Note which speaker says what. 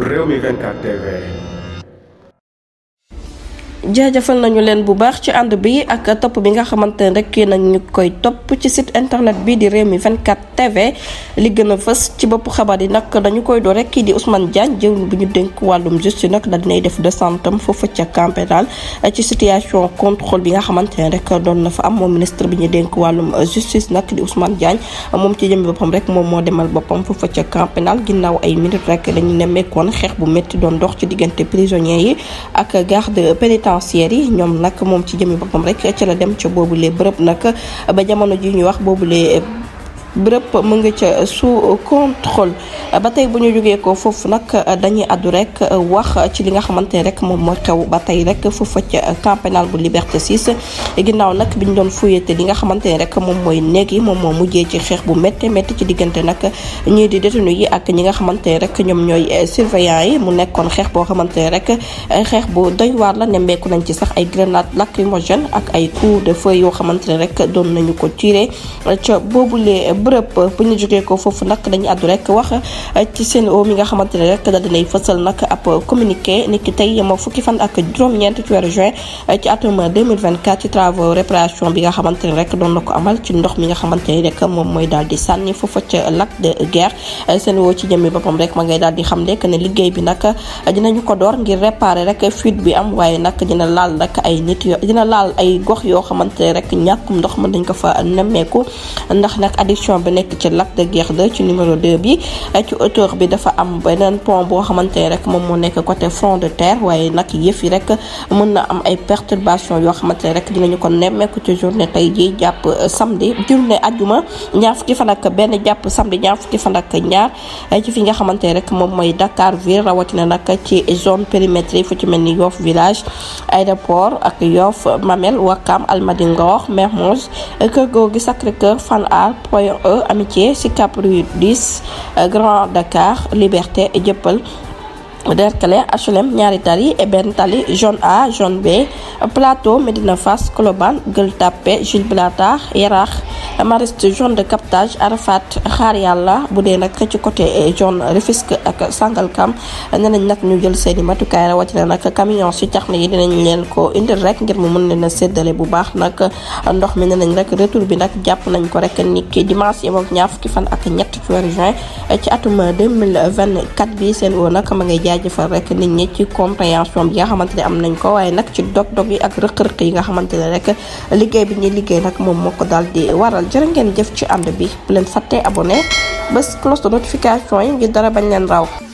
Speaker 1: réew Rewmi 24 TV jaajëfal nañu leen bu baax ci ànd bi ak topp bi nga xamante ne rek yéen a ñu koy topp ci site internet bi di réew mi 24 TV li gën a fës ci bopp xabaar yi nag dañu koy doo rek kii di Ousmane Diagne jëwriñ bi ñu dénk wàllum justice nag daal dinay def desantam foofa ca camp pénal ci situation contrôle bi nga xamante ne rek doon na fa am moom ministre bi ñu dénk wàllum justice nag di Ousmane Diagne moom ci jëmmi boppam rek moom moo demal boppam foofa ca camp pénal ginnaaw ay minute rek dañu nemmeekoon xeex bu metti doon dox ci diggante prisonniers yi ak garde pénitentiaire pénitentiaire yi ñoom nag moom ci jëmi boppam rek ca la dem ca boobule bërëb nag ba jamono ji ñu wax boobule bërëb mu ngi ca sous contrôle ba tey bu ñu jógee ko foofu nag dañuy addu rek wax ci li nga xamante ne rek moom mooy ba tey rek foofa ca camp pénal bu Liberté 6 ginnaaw nag bi ñu doon fuyete li nga xamante ne rek moom mooy néeg yi moom moo mujjee ci xeex bu métti métti ci diggante nag ñii di détenu yi ak ñi nga xamante ne rek ñoom ñooy surveillant yi mu nekkoon xeex boo xamante ne rek xeex bu doy waar la nemmeeku nañ ci sax ay grenade lacrymogène ak ay coup de feu yoo xamante ne rek doon nañu ko tiré ca boobulee bërëb bu ñu jógee ko foofu nag dañuy àddu ne rek daal dinay fësal nag ab communiqué niki tey moo fukki fan ak juróom-ñeent ci weeru juin ci atum 2024 ci travaux réparation bi nga xamante ne rek doon na ko amal ci ndox mi nga xamante ne rek moom mooy daal di sànni foofa ca lac de Guiers Sen'Eau ci jëmmi boppam rek ma ngay daal di xam ne liggéey bi nag dinañu ko door ngir réparer rek fuite bi am waaye nag dina laal rek ay nit dina laal ay gox yoo xamante ne rek ñàkkum ndox ma dañ ko fa nemmeeku ndax nag addiction construction bi nekk ci Lac de Guiers 2 ci numéro 2 bi ci hauteur bi dafa am beneen pont boo xamante ne rek moom moo nekk côté front de terre waaye nag yëf yi rek mën na am ay perturbation yoo xamante ne rek dinañu ko nemmeeku ci journée tey ji jàpp samedi journée ajjuma ñaar fukki fan ak benn jàpp samedi ñaar fukki fan ak ñaar ci fi nga xamante ne rek moom mooy Dakar ville rawatina nag ci zone périmétrique fu ci mel ni Yoff village aéroport ak Yoff Mamel Wakam Almadi Ngor Mermoz Kër Gorgui Sacré E amitié Sicap 10 euh, Grand Dakar Liberté et Dieuppeul Derklé HLM ñaari tali et benn tali zone A zone B plateau Médina Fass Colobane Gueule Tapée Jules Blata Yaraax Mariste zone de captage Arafat Xaar Yàlla bu dee nag ci côté eh, zone Rufisque ak Sangalkam ne nañ nag ñu jël seeni matukaay rawatina nag camion si tax na yi dinañ leen ko indil rek ngir mu mën leen a bu baax nag ndox mi ne nañ rek retour bi nag jàpp nañ ko rek ni ki dimanche yi mook ñaar fukki fan ak ñett ci weeru juin ci atum 2024 bi seen woo nag ma ngay jaay jaajëfal rek nit ñi ci compréhension bi nga xamante ne am nañ ko waaye nak ci dog-dog yi ak rëq-rëq yi nga xamante ne rek liggéey bi ñuy liggéey nag moom moo ko daal di waral jërë ngeen jëf ci ànd bi bu leen fàttee abonné bés cloche de notification yi ngir dara bañ leen raw